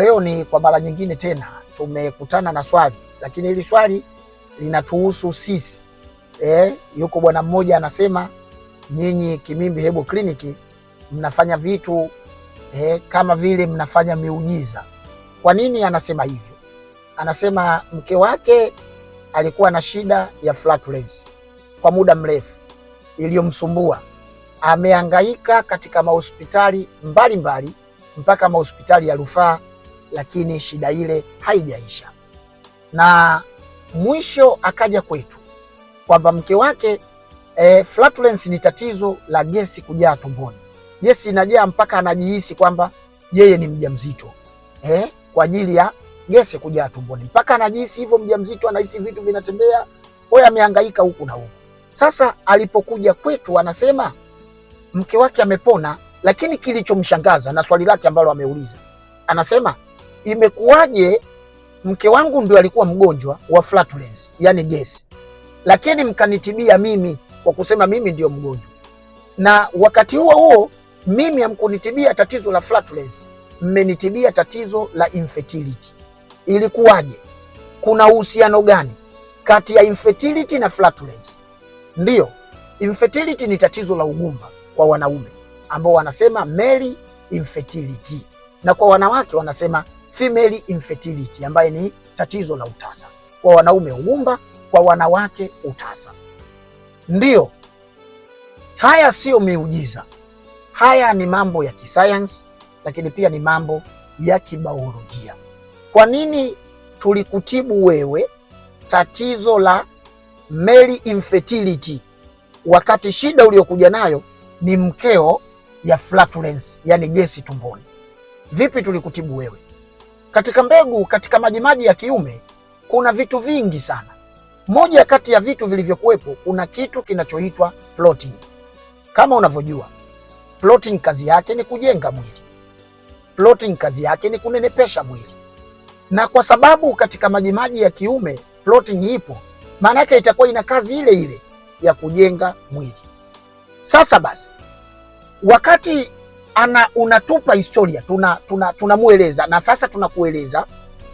Leo ni kwa mara nyingine tena tumekutana na swali, lakini hili swali linatuhusu sisi eh. Yuko bwana mmoja anasema, nyinyi Kimimbi Herbal Clinic mnafanya vitu eh, kama vile mnafanya miujiza. Kwa nini anasema hivyo? Anasema mke wake alikuwa na shida ya flatulence kwa muda mrefu iliyomsumbua. ameangaika katika mahospitali mbalimbali mpaka mahospitali ya rufaa lakini shida ile haijaisha, na mwisho akaja kwetu kwamba mke wake e, flatulence ni tatizo la gesi kujaa tumboni. Gesi inajaa mpaka anajihisi kwamba yeye ni mjamzito eh, kwa ajili ya gesi kujaa tumboni, mpaka anajihisi hivyo mjamzito, anahisi vitu vinatembea, hoya ameangaika huku na huku. Sasa alipokuja kwetu, anasema mke wake amepona, lakini kilichomshangaza na swali lake ambalo ameuliza, anasema imekuwaje mke wangu ndio alikuwa mgonjwa wa flatulence, yani gesi, lakini mkanitibia mimi kwa kusema mimi ndio mgonjwa, na wakati huo huo mimi hamkunitibia tatizo la flatulence, mmenitibia tatizo la infertility. Ilikuwaje? Kuna uhusiano gani kati ya infertility na flatulence? Ndiyo, infertility ni tatizo la ugumba kwa wanaume ambao wanasema male infertility, na kwa wanawake wanasema female infertility ambaye ni tatizo la utasa kwa wanaume, ugumba, kwa wanawake utasa. Ndiyo, haya siyo miujiza, haya ni mambo ya kisayansi, lakini pia ni mambo ya kibaolojia. Kwa nini tulikutibu wewe tatizo la male infertility wakati shida uliokuja nayo ni mkeo ya flatulence, yani gesi tumboni? Vipi tulikutibu wewe? Katika mbegu, katika majimaji ya kiume kuna vitu vingi sana. Moja kati ya vitu vilivyokuwepo, kuna kitu kinachoitwa protein. Kama unavyojua, protein kazi yake ni kujenga mwili, protein kazi yake ni kunenepesha mwili, na kwa sababu katika majimaji ya kiume protein ipo, maana yake itakuwa ina kazi ile ile ya kujenga mwili. Sasa basi wakati ana unatupa historia tunamweleza, tuna, tuna na sasa tunakueleza.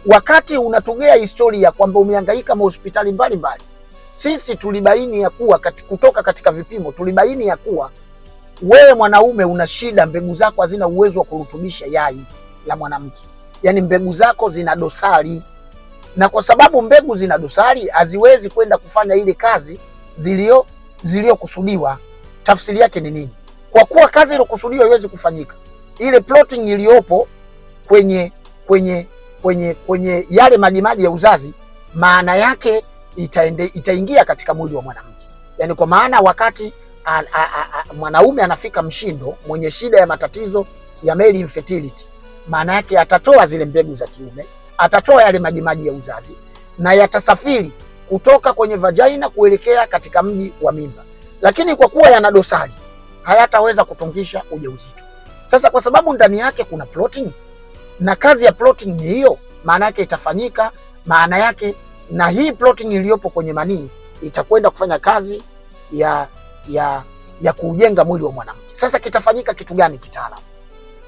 Wakati unatugea historia kwamba umehangaika mahospitali mbalimbali, sisi tulibaini ya kuwa kati, kutoka katika vipimo tulibaini ya kuwa wewe mwanaume una shida, mbegu zako hazina uwezo wa kurutubisha yai la mwanamke, yaani mbegu zako zina dosari, na kwa sababu mbegu zina dosari haziwezi kwenda kufanya ile kazi zilio ziliyokusudiwa. Tafsiri yake ni nini? kwa kuwa kazi iliyokusudiwa haiwezi kufanyika. Ile plotting iliyopo kwenye kwenye kwenye kwenye yale majimaji ya uzazi, maana yake itaende, itaingia katika mwili wa mwanamke, Yani kwa maana wakati a, a, a, a, mwanaume anafika mshindo mwenye shida ya matatizo ya male infertility, maana yake atatoa zile mbegu za kiume, atatoa yale majimaji ya uzazi na yatasafiri kutoka kwenye vagina kuelekea katika mji wa mimba, lakini kwa kuwa yana dosari hayataweza kutungisha ujauzito. Sasa kwa sababu ndani yake kuna protein na kazi ya protein ni hiyo, maana yake itafanyika, maana yake na hii protein iliyopo kwenye manii itakwenda kufanya kazi ya ya ya kuujenga mwili wa mwanamke. Sasa kitafanyika kitu gani kitaalam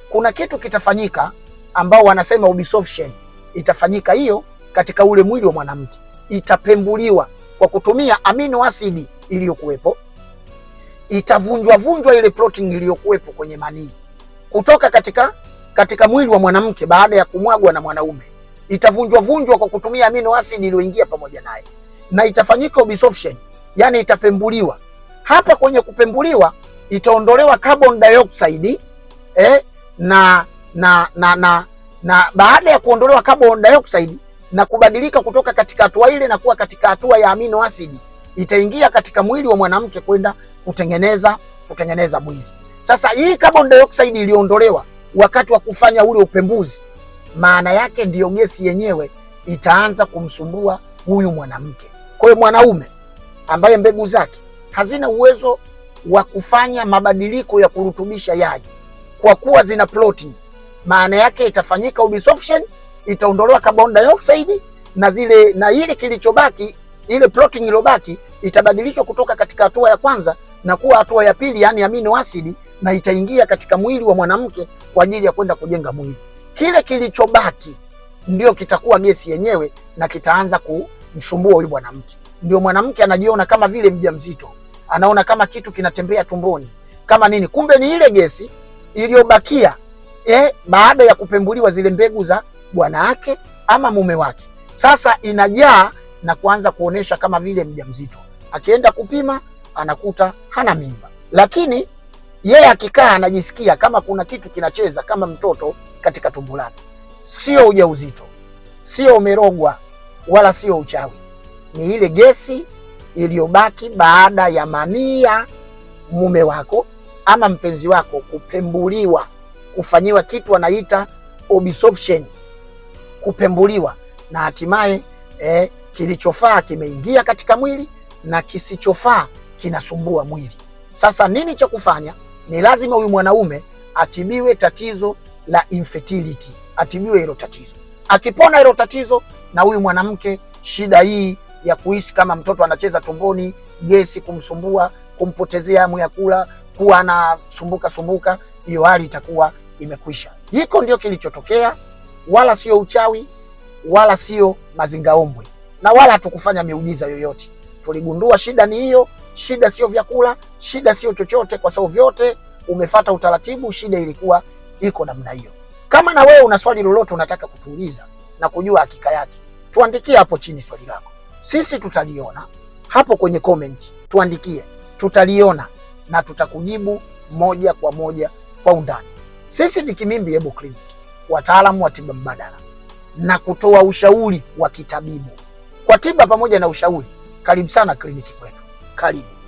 Kuna kitu kitafanyika ambao wanasema obesoption itafanyika hiyo katika ule mwili wa mwanamke, itapembuliwa kwa kutumia amino asidi iliyokuwepo itavunjwa vunjwa ile protein iliyokuwepo kwenye manii kutoka katika katika mwili wa mwanamke baada ya kumwagwa na mwanaume, itavunjwa vunjwa kwa kutumia amino acid iliyoingia pamoja naye, na itafanyika absorption, yani itapembuliwa. Hapa kwenye kupembuliwa itaondolewa carbon dioxide eh, na, na, na, na, na baada ya kuondolewa carbon dioxide na kubadilika kutoka katika hatua ile na kuwa katika hatua ya amino asidi, itaingia katika mwili wa mwanamke kwenda kutengeneza kutengeneza mwili. Sasa hii carbon dioxide iliondolewa wakati wa kufanya ule upembuzi, maana yake ndiyo gesi yenyewe itaanza kumsumbua huyu mwanamke. Kwa hiyo mwanaume ambaye mbegu zake hazina uwezo wa kufanya mabadiliko ya kurutubisha yai kwa kuwa zina protini, maana yake itafanyika ubisoftient, itaondolewa carbon dioxide na zile na ile kilichobaki ile protein iliyobaki itabadilishwa kutoka katika hatua ya kwanza na kuwa hatua ya pili, yani amino asidi, na itaingia katika mwili wa mwanamke kwa ajili ya kwenda kujenga mwili. Kile kilichobaki ndio kitakuwa gesi yenyewe na kitaanza kumsumbua huyu mwanamke. Ndio mwanamke anajiona kama vile mjamzito, anaona kama kitu kinatembea tumboni kama nini, kumbe ni ile gesi iliyobakia eh, baada ya kupembuliwa zile mbegu za bwana wake ama mume wake. Sasa inajaa na kuanza kuonesha kama vile mjamzito. Akienda kupima anakuta hana mimba, lakini yeye akikaa anajisikia kama kuna kitu kinacheza kama mtoto katika tumbo lake. Sio ujauzito, sio umerogwa, wala sio uchawi, ni ile gesi iliyobaki baada ya mania mume wako ama mpenzi wako kupembuliwa, kufanyiwa kitu anaita obsession, kupembuliwa na hatimaye eh, Kilichofaa kimeingia katika mwili na kisichofaa kinasumbua mwili. Sasa nini cha kufanya? Ni lazima huyu mwanaume atibiwe tatizo la infertility, atibiwe hilo tatizo. Akipona hilo tatizo, na huyu mwanamke shida hii ya kuhisi kama mtoto anacheza tumboni, gesi kumsumbua, kumpotezea hamu ya kula, kuwa anasumbuka sumbuka, hiyo hali itakuwa imekwisha. Hiko ndio kilichotokea, wala sio uchawi, wala sio mazingaombwe na wala hatukufanya miujiza yoyote. Tuligundua shida ni hiyo, shida sio vyakula, shida sio chochote, kwa sababu vyote umefata utaratibu, shida ilikuwa iko namna hiyo. Kama na wewe una swali lolote unataka kutuuliza na kujua hakika yake, tuandikie hapo chini swali lako, sisi tutaliona hapo kwenye comment, tuandikie, tutaliona na tutakujibu moja kwa moja kwa undani. Sisi ni Kimimbi Herbal Clinic, wataalamu wa tiba mbadala na kutoa ushauri wa kitabibu kwa tiba pamoja na ushauri. Karibu sana kliniki kwetu, karibu.